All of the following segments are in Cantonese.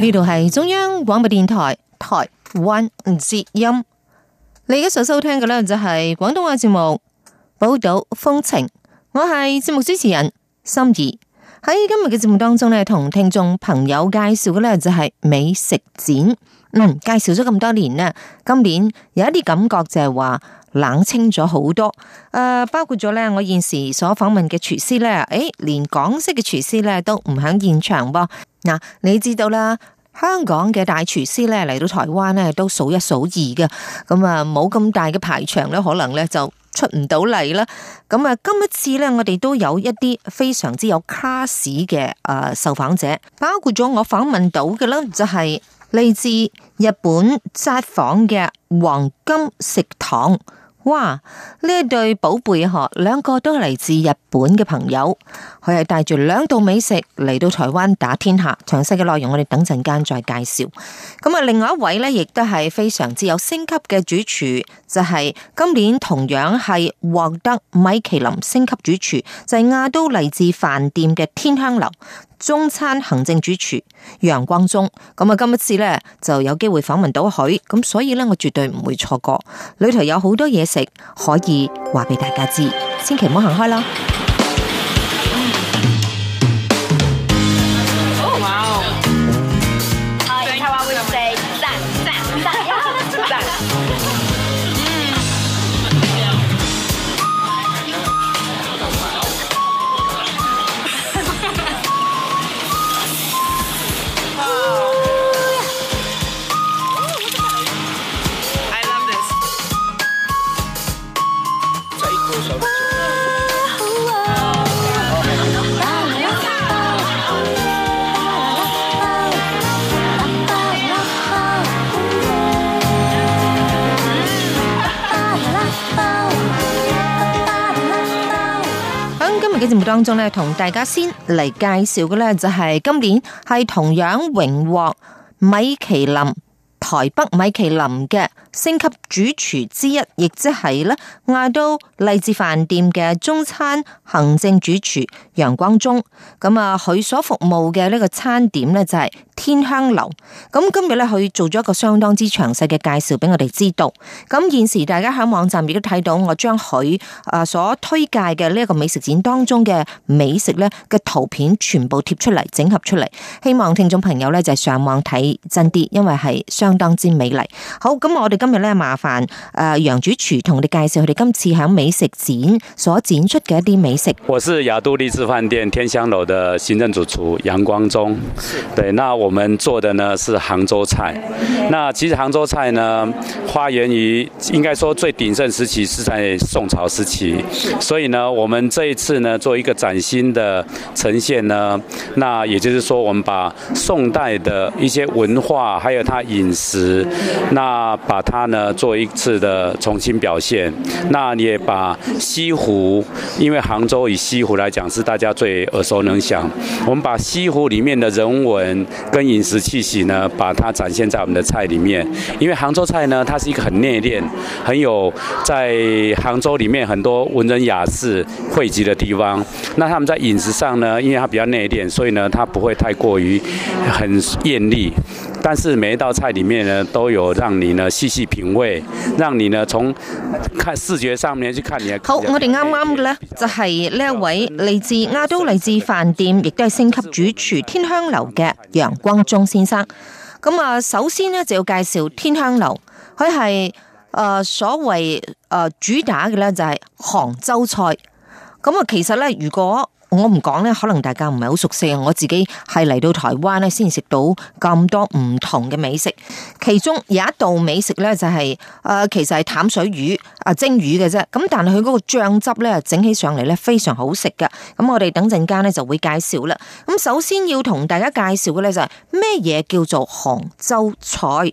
呢度係中央廣播電台台灣節音，你而家所收聽嘅呢，就係廣東話節目《寶島風情》，我係節目主持人心儀。喺今日嘅節目當中呢，同聽眾朋友介紹嘅呢，就係美食展。嗯，介紹咗咁多年咧，今年有一啲感覺就係話。冷清咗好多，誒，包括咗咧，我現時所訪問嘅廚師咧，誒、哎，連港式嘅廚師咧都唔喺現場喎。嗱，你知道啦，香港嘅大廚師咧嚟到台灣咧都數一數二嘅，咁啊冇咁大嘅排場咧，可能咧就出唔到嚟啦。咁啊，今一次咧，我哋都有一啲非常之有卡 l 嘅誒受訪者，包括咗我訪問到嘅咧，就係嚟自日本札幌嘅黃金食堂。哇！呢一對寶貝殼，兩個都嚟自日本嘅朋友，佢係帶住兩道美食嚟到台灣打天下。詳細嘅內容我哋等陣間再介紹。咁啊，另外一位呢，亦都係非常之有星級嘅主廚，就係今年同樣係獲得米其林星級主廚，就係亞都嚟自飯店嘅天香樓。中餐行政主廚楊光忠，咁啊，今一次呢就有機會訪問到佢，咁所以呢，我絕對唔會錯過，裏頭有好多嘢食，可以話俾大家知，千祈唔好行開啦。節目當中咧，同大家先嚟介紹嘅咧，就係、是、今年係同樣榮獲米其林台北米其林嘅星級主廚之一，亦即係咧亞都麗緻飯店嘅中餐行政主廚楊光忠。咁啊，佢所服務嘅呢個餐點咧，就係、是。天香樓，咁今日咧佢做咗一個相當之詳細嘅介紹俾我哋知道。咁現時大家響網站亦都睇到，我將佢誒所推介嘅呢一個美食展當中嘅美食咧嘅圖片全部貼出嚟，整合出嚟。希望聽眾朋友咧就係上網睇真啲，因為係相當之美麗。好，咁我哋今日咧麻煩誒楊主廚同你介紹佢哋今次響美食展所展出嘅一啲美食。我是亞都麗緻飯店天香樓嘅行政主廚楊光忠。對，那我我們做的呢是杭州菜，那其實杭州菜呢發源於，應該說最鼎盛時期是在宋朝時期，所以呢我們這一次呢做一個嶄新的呈現呢，那也就是說我們把宋代的一些文化還有它飲食，那把它呢做一次的重新表現，那也把西湖，因為杭州以西湖來講是大家最耳熟能詳，我們把西湖裏面的人文。跟飲食氣息呢，把它展現在我們的菜裏面。因為杭州菜呢，它是一個很內斂，很有在杭州裏面很多文人雅士匯集的地方。那他們在飲食上呢，因為它比較內斂，所以呢，它不會太過於很艷麗。但是每一道菜裏面呢，都有讓你呢細細品味，讓你呢從看視覺上面去看你。 好，我哋啱啱嘅呢，就係、是、呢一位嚟自亞都、嚟自飯店，亦都係星級主廚天香樓嘅楊光忠先生。咁啊，首先呢，就要介紹天香樓，佢係誒所謂誒、呃、主打嘅呢，就係杭州菜。咁啊，其實呢，如果，我唔講呢，可能大家唔係好熟悉啊！我自己係嚟到台灣呢，先食到咁多唔同嘅美食。其中有一道美食呢，就是，就係誒，其實係淡水魚啊，蒸魚嘅啫。咁但係佢嗰個醬汁呢，整起上嚟呢，非常好食㗎。咁我哋等陣間呢就會介紹啦。咁首先要同大家介紹嘅呢，就係咩嘢叫做杭州菜嗱？誒、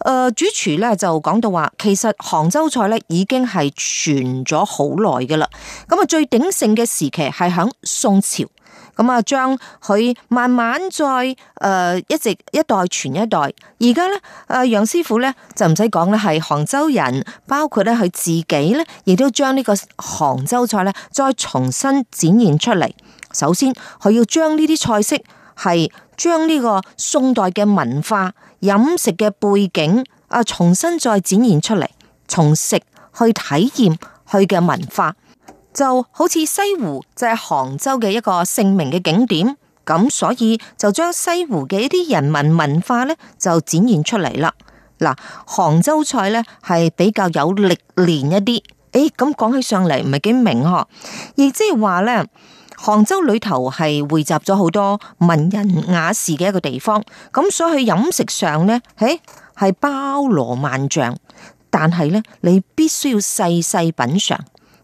呃，主廚呢就講到話，其實杭州菜呢已經係傳咗好耐㗎啦。咁啊，最鼎盛嘅時期係響宋朝，咁啊，將佢慢慢再誒，一直一代傳一代。而家咧，誒，楊師傅咧就唔使講啦，係杭州人，包括咧佢自己咧，亦都將呢個杭州菜咧再重新展現出嚟。首先，佢要將呢啲菜式係將呢個宋代嘅文化飲食嘅背景啊，重新再展現出嚟，從食去體驗佢嘅文化。就好似西湖就係杭州嘅一個盛名嘅景點，咁所以就將西湖嘅一啲人民文化呢就展現出嚟啦。嗱，杭州菜呢係比較有歷練一啲，誒、哎，咁講起上嚟唔係幾明嗬，亦即係話呢，杭州裏頭係匯集咗好多文人雅士嘅一個地方，咁所以飲食上呢，誒係包羅萬象，但係呢，你必須要細細品嘗。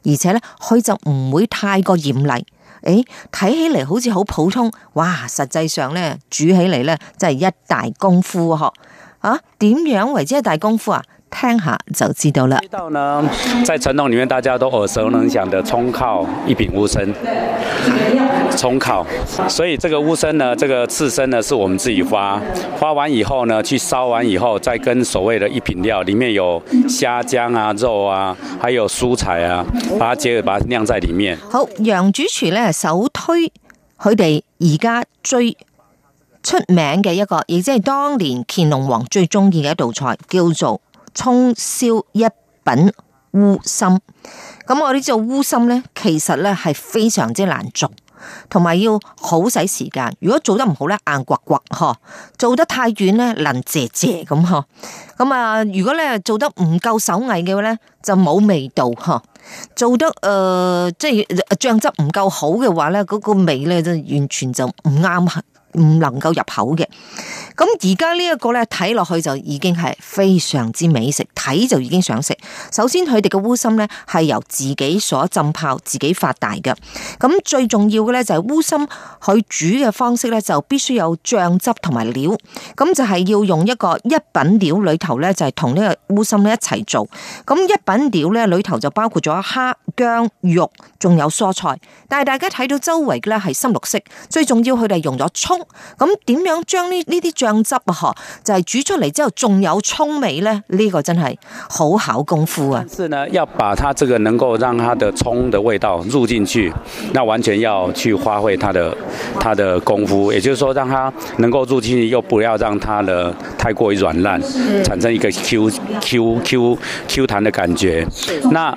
而且呢，佢就唔會太過嚴厲。誒、哎，睇起嚟好似好普通，哇！實際上呢，煮起嚟呢，真係一大功夫哦。啊，點樣為之係大功夫啊？聽下就知道啦。到呢，在傳統裡面，大家都耳熟能詳的蔥烤一品烏參。蔥烤，所以這個烏參呢，這個刺身呢，是我們自己花花完以後呢，去燒完以後，再跟所謂的一品料，裡面有蝦、薑啊、肉啊，還有蔬菜啊，把它即係把它釀在裡面。好，楊主廚呢，首推佢哋而家最出名嘅一個，亦即係當年乾隆皇最中意嘅一道菜，叫做，蔥燒一品烏參，咁我哋知道烏參咧，其實咧係非常之難做，同埋要好使時間。如果做得唔好咧，硬刮刮呵；做得太軟咧，能藉藉咁呵。咁啊，如果咧做得唔夠手藝嘅話咧，就冇味道呵。做得誒，即係醬汁唔夠好嘅話咧，嗰個味咧就完全就唔啱。唔能夠入口嘅。咁而家呢一個呢，睇落去就已經係非常之美食，睇就已經想食。首先佢哋嘅烏心呢係由自己所浸泡、自己發大嘅。咁最重要嘅呢，就係烏心佢煮嘅方式呢，就必須有醬汁同埋料，咁就係要用一個一品料裏頭呢，就係同呢個烏心呢一齊做。咁一品料呢裏頭就包括咗蝦、薑、肉，仲有蔬菜。但係大家睇到周圍嘅呢係深綠色，最重要佢哋用咗葱。咁點樣將呢呢啲醬汁啊？就係煮出嚟之後仲有蔥味呢。呢、這個真係好考功夫啊！是呢，要把它這個能夠讓它的蔥的味道入進去，那完全要去花費它的它的功夫，也就是說，讓它能夠入進去，又不要讓它的太過於軟爛，產生一個 Q Q Q Q 彈的感覺。那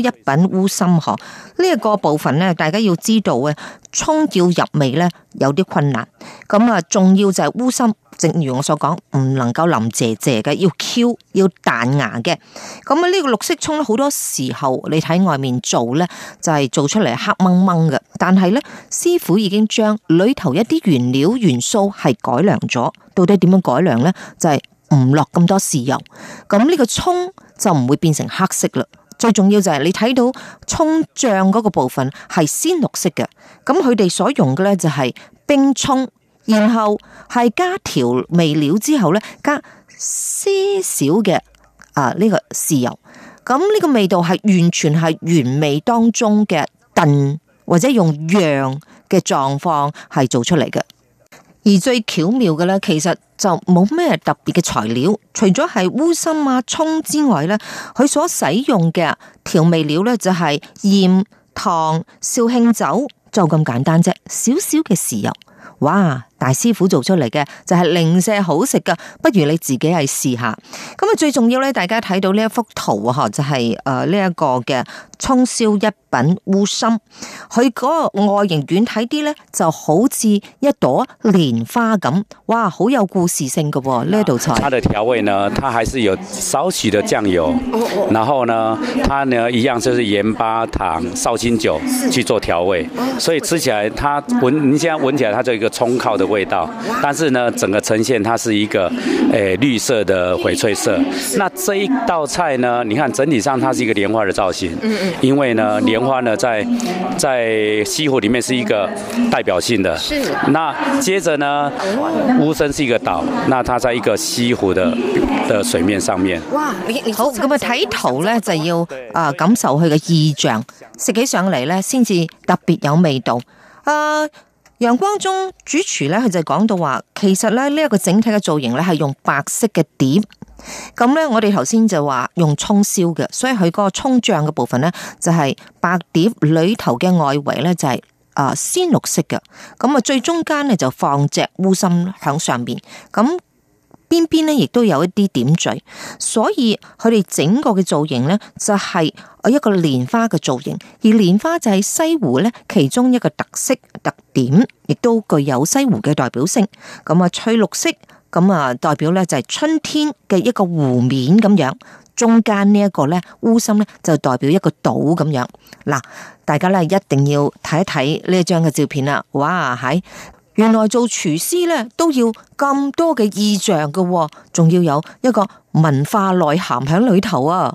一品烏心河呢一個部分咧，大家要知道嘅蔥要入味咧，有啲困難咁啊。重要就係烏心，正如我所講，唔能夠腍姐姐嘅，要 Q，要彈牙嘅。咁啊，呢個綠色蔥咧，好多時候你喺外面做咧，就係、是、做出嚟黑掹掹嘅。但係咧，師傅已經將裏頭一啲原料元素係改良咗。到底點樣改良咧？就係唔落咁多豉油，咁、這、呢個蔥就唔會變成黑色啦。最重要就係你睇到蔥醬個部分係鮮綠色嘅，咁佢哋所用嘅咧就係冰蔥，然後係加調味料之後咧加些少嘅，啊呢個豉油，咁呢個味道係完全係原味當中嘅燉或者用釀嘅狀況係做出嚟嘅。而最巧妙嘅咧，其實就冇咩特別嘅材料，除咗係烏參啊、蔥之外咧，佢所使用嘅調味料咧就係、是、鹽、糖、紹興酒，就咁簡單啫，少少嘅豉油，哇！大師傅做出嚟嘅就係零舍好食嘅，不如你自己係試下。咁啊，最重要咧，大家睇到呢一幅圖啊，就係誒呢一個嘅蔥燒一品烏參，佢嗰個外形遠睇啲咧就好似一朵蓮花咁，哇，好有故事性嘅呢一道菜。它的調味呢，它還是有少許嘅醬油，然後呢，它呢一樣就是鹽巴、糖、紹興酒去做調味，所以吃起來，它聞，你現在聞起來，它就一個蔥烤的。味道，但是呢，整個呈現它是一個誒、呃、綠色的翡翠色。那這一道菜呢，你看整體上它是一個蓮花的造型。嗯嗯。因為呢，蓮花呢，在在西湖裏面是一個代表性的。是。那接着呢，孤山是一個島，那它在一個西湖的的水面上面。哇！我好，咁啊睇圖呢，就要啊、呃、感受佢嘅意象，食起上嚟呢，先至特別有味道。啊、呃！陽光中主廚咧，佢就講到話，其實咧呢一個整體嘅造型咧，係用白色嘅碟。咁咧，我哋頭先就話用蔥燒嘅，所以佢個蔥醬嘅部分咧就係白碟裏頭嘅外圍咧就係啊鮮綠色嘅。咁啊最中間咧就放隻烏參響上面。咁。邊邊咧，亦都有一啲點綴，所以佢哋整個嘅造型咧，就係一個蓮花嘅造型。而蓮花就係西湖咧其中一個特色特點，亦都具有西湖嘅代表性。咁啊翠綠色，咁啊代表咧就係春天嘅一個湖面咁樣。中間呢一個咧烏心咧，就代表一個島咁樣。嗱，大家咧一定要睇一睇呢一張嘅照片啦！哇，喺。原來做廚師咧都要咁多嘅意象嘅，仲要有一個文化內涵喺裏頭啊！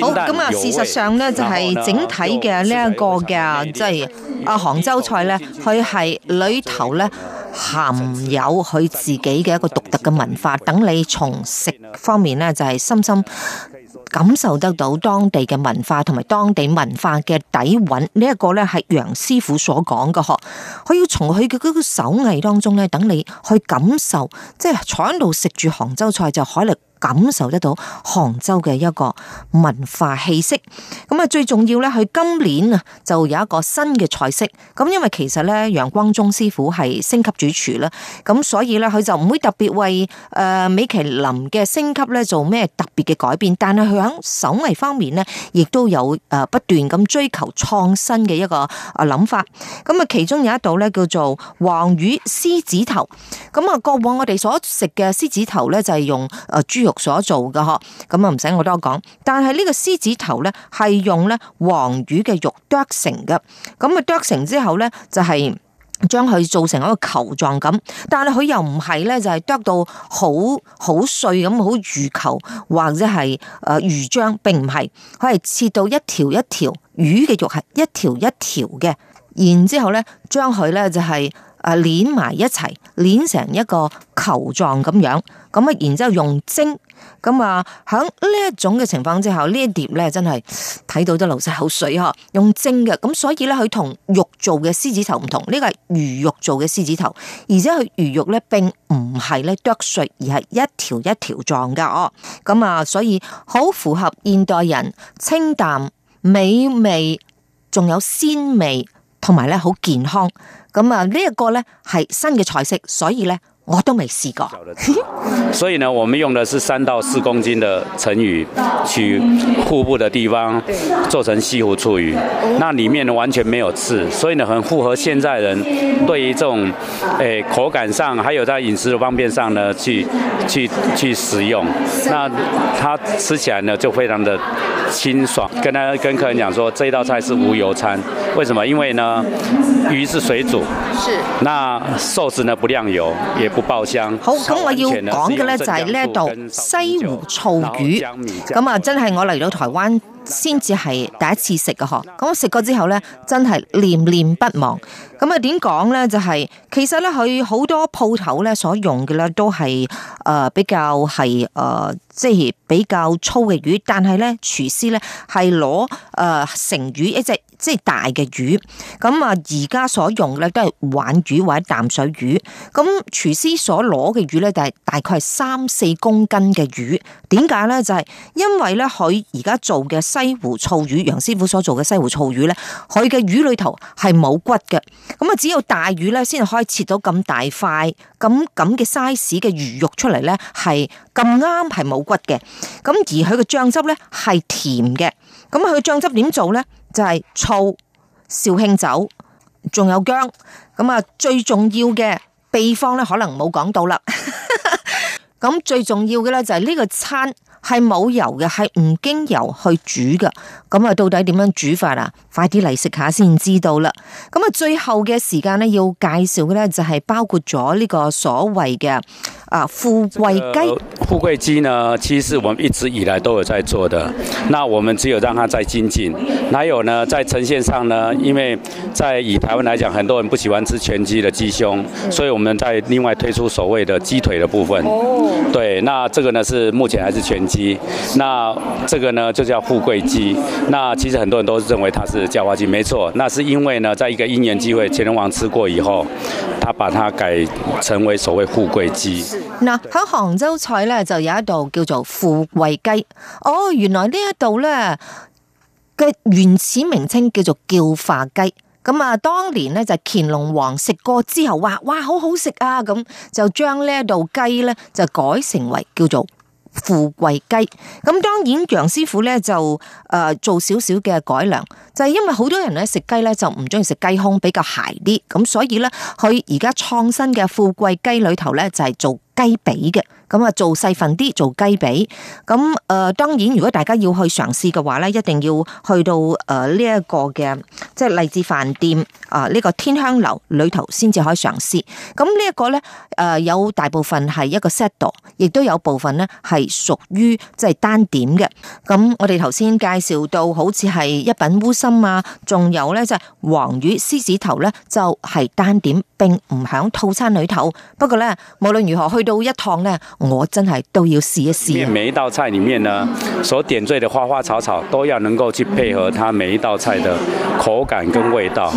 好咁啊！那麼事實上咧，就係、是、整體嘅、這個、呢一、這個嘅，即係、就是、啊，杭州菜咧，佢係裏頭咧含有佢自己嘅一個獨特嘅文化。等你從食方面咧，就係、是、深深感受得到當地嘅文化同埋當地文化嘅底蘊、這個、呢一個咧，係楊師傅所講嘅呵。佢要從佢嘅嗰個手藝當中咧，等你去感受，即、就、係、是、坐喺度食住杭州菜就海力。感受得到杭州嘅一個文化氣息，咁啊最重要咧，佢今年啊就有一個新嘅菜式，咁因為其實咧，楊光忠師傅係星級主廚啦，咁所以咧佢就唔會特別為誒米其林嘅星級咧做咩特別嘅改變，但係佢響手藝方面咧，亦都有誒不斷咁追求創新嘅一個誒諗法，咁啊其中有一道咧叫做黃魚獅子頭，咁啊過往我哋所食嘅獅子頭咧就係用誒豬肉。所做嘅嗬，咁啊唔使我多講。但係呢個獅子頭咧，係用咧黃魚嘅肉剁成嘅。咁啊剁成之後咧，就係將佢做成一個球狀咁。但係佢又唔係咧，就係剁到好好碎咁，好魚球或者係誒魚漿，並唔係。佢係切到一條一條魚嘅肉，係一條一條嘅。然之後咧，將佢咧就係誒捏埋一齊，捏成一個球狀咁樣。咁啊，然之後用蒸，咁啊，喺呢一種嘅情況之下，呢一碟咧真係睇到都流晒口水嗬！用蒸嘅，咁所以咧，佢同肉做嘅獅子頭唔同，呢個係魚肉做嘅獅子頭，而且佢魚肉咧並唔係咧剁碎，而係一條一條狀噶哦。咁啊，所以好符合現代人清淡、美味，仲有鮮味，同埋咧好健康。咁啊，呢一個咧係新嘅菜式，所以咧。我都沒試過， 所以呢，我們用的是三到四公斤的成魚，去腹部的地方做成西湖醋魚，那裏面呢完全沒有刺，所以呢很符合現在人對於這種，誒、哎、口感上還有在飲食的方便上呢去去去食用，那它吃起來呢就非常的。清爽，跟佢跟客人講說，這道菜是無油餐，為什麼？因為呢，魚是水煮，是，那壽司呢不亮油，也不爆香。好，咁我要講嘅呢就係呢一道西湖醋魚，咁啊米真係我嚟到台灣先至係第一次食嘅嗬，咁我食過之後呢，真係念念不忘。咁啊，點講咧？就係其實咧，佢好多鋪頭咧，所用嘅咧都係誒比較係誒即係比較粗嘅魚，但係咧廚師咧係攞誒成魚一隻，即係大嘅魚。咁啊，而家所用咧都係鯇魚或者淡水魚。咁廚師所攞嘅魚咧，就係大概係三四公斤嘅魚。點解咧？就係因為咧，佢而家做嘅西湖醋魚，楊師傅所做嘅西湖醋魚咧，佢嘅魚裏頭係冇骨嘅。咁啊，只有大魚咧，先可以切到咁大塊咁咁嘅 size 嘅魚肉出嚟咧，係咁啱係冇骨嘅。咁而佢嘅醬汁咧係甜嘅。咁佢醬汁點做咧？就係、是、醋、紹興酒，仲有薑。咁啊，最重要嘅秘方咧，可能冇講到啦。咁 最重要嘅咧就係呢個餐係冇油嘅，係唔經油去煮嘅。咁啊，到底點樣煮法啊？快啲嚟食下先知道了。咁啊，最後嘅時間咧，要介紹嘅咧就係、是、包括咗呢個所謂嘅啊富貴雞。富貴雞呢，其實我們一直以來都有在做的，那我們只有讓它再精進。還有呢，在呈現上呢，因為在以台灣來講，很多人不喜歡吃全雞的雞胸，所以我們在另外推出所謂的雞腿的部分。哦，對，那這個呢是目前還是全雞，那這個呢就叫富貴雞。那其實很多人都認為它是。叫化雞，沒錯，那是因為呢，在一個因緣機會，乾隆王吃過以後，他把它改成為所謂富貴雞。嗱，喺杭州菜呢，就有一道叫做富貴雞。哦，原來這裏呢一道呢嘅原始名稱叫做叫化雞。咁啊，當年呢，就是、乾隆王食過之後話，哇，好好食啊！咁就將呢一道雞呢就改成為叫做富貴雞，咁當然楊師傅咧就誒做少少嘅改良，就係、是、因為好多人咧食雞咧就唔中意食雞胸比較柴啲，咁所以咧佢而家創新嘅富貴雞裏頭咧就係做。雞髀嘅，咁啊做細份啲做雞髀，咁誒當然如果大家要去嘗試嘅話咧，一定要去到誒呢一個嘅即係麗緻飯店啊呢個天香樓裏頭先至可以嘗試。咁呢一個咧誒有大部分係一個 set do，亦都有部分咧係屬於即係單點嘅。咁我哋頭先介紹到好似係一品烏參啊，仲有咧即係黃魚獅子頭咧就係單點，並唔響套餐裏頭。不過咧無論如何去。到一趟呢，我真係都要試一試。因為每一道菜裏面呢，所點綴的花花草草都要能夠去配合它每一道菜的口感跟味道，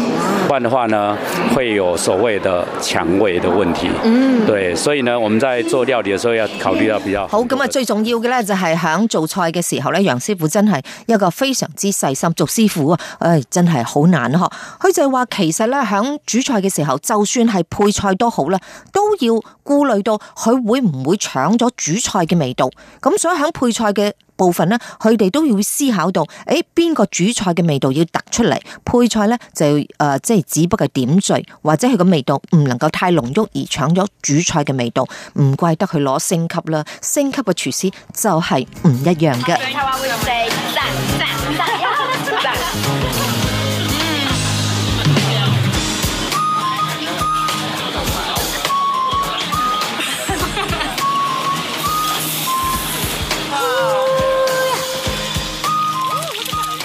不然的話呢，會有所謂的搶味的問題。嗯，對，所以呢，我們在做料理嘅時候要考慮到比較好。咁啊，最重要嘅咧就係響做菜嘅時候咧，楊師傅真係一個非常之細心做師傅啊。誒，真係好難學。佢就係話其實咧響煮菜嘅時候，就算係配菜都好啦，都要顧慮到。佢會唔會搶咗主菜嘅味道？咁所以喺配菜嘅部分呢，佢哋都要思考到，誒，邊個主菜嘅味道要突出嚟，配菜呢，就誒、即、呃、係只不過點綴，或者佢個味道唔能夠太濃郁而搶咗主菜嘅味道。唔怪得佢攞星級啦，星級嘅廚師就係唔一樣嘅。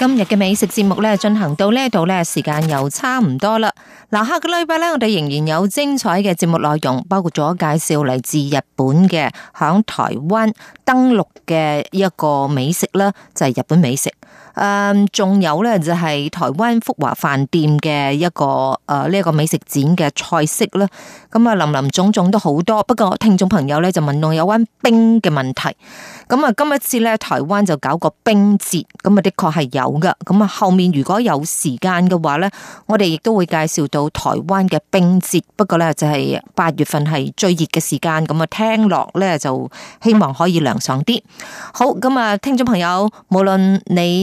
今日嘅美食節目咧進行到呢度咧，時間又差唔多啦。嗱，下個禮拜咧，我哋仍然有精彩嘅節目內容，包括咗介紹嚟自日本嘅響台灣登陸嘅一個美食啦，就係日本美食。誒、仲，嗯、有咧就係台灣福華飯店嘅一個誒呢一個美食展嘅菜式啦，咁啊林林總總都好多。不過我聽眾朋友咧就問到有關冰嘅問題，咁啊今一次咧台灣就搞個冰節，咁啊的確係有噶。咁啊後面如果有時間嘅話咧，我哋亦都會介紹到台灣嘅冰節。不過咧就係八月份係最熱嘅時間，咁啊聽落咧就希望可以涼爽啲。好，咁啊聽眾朋友，無論你。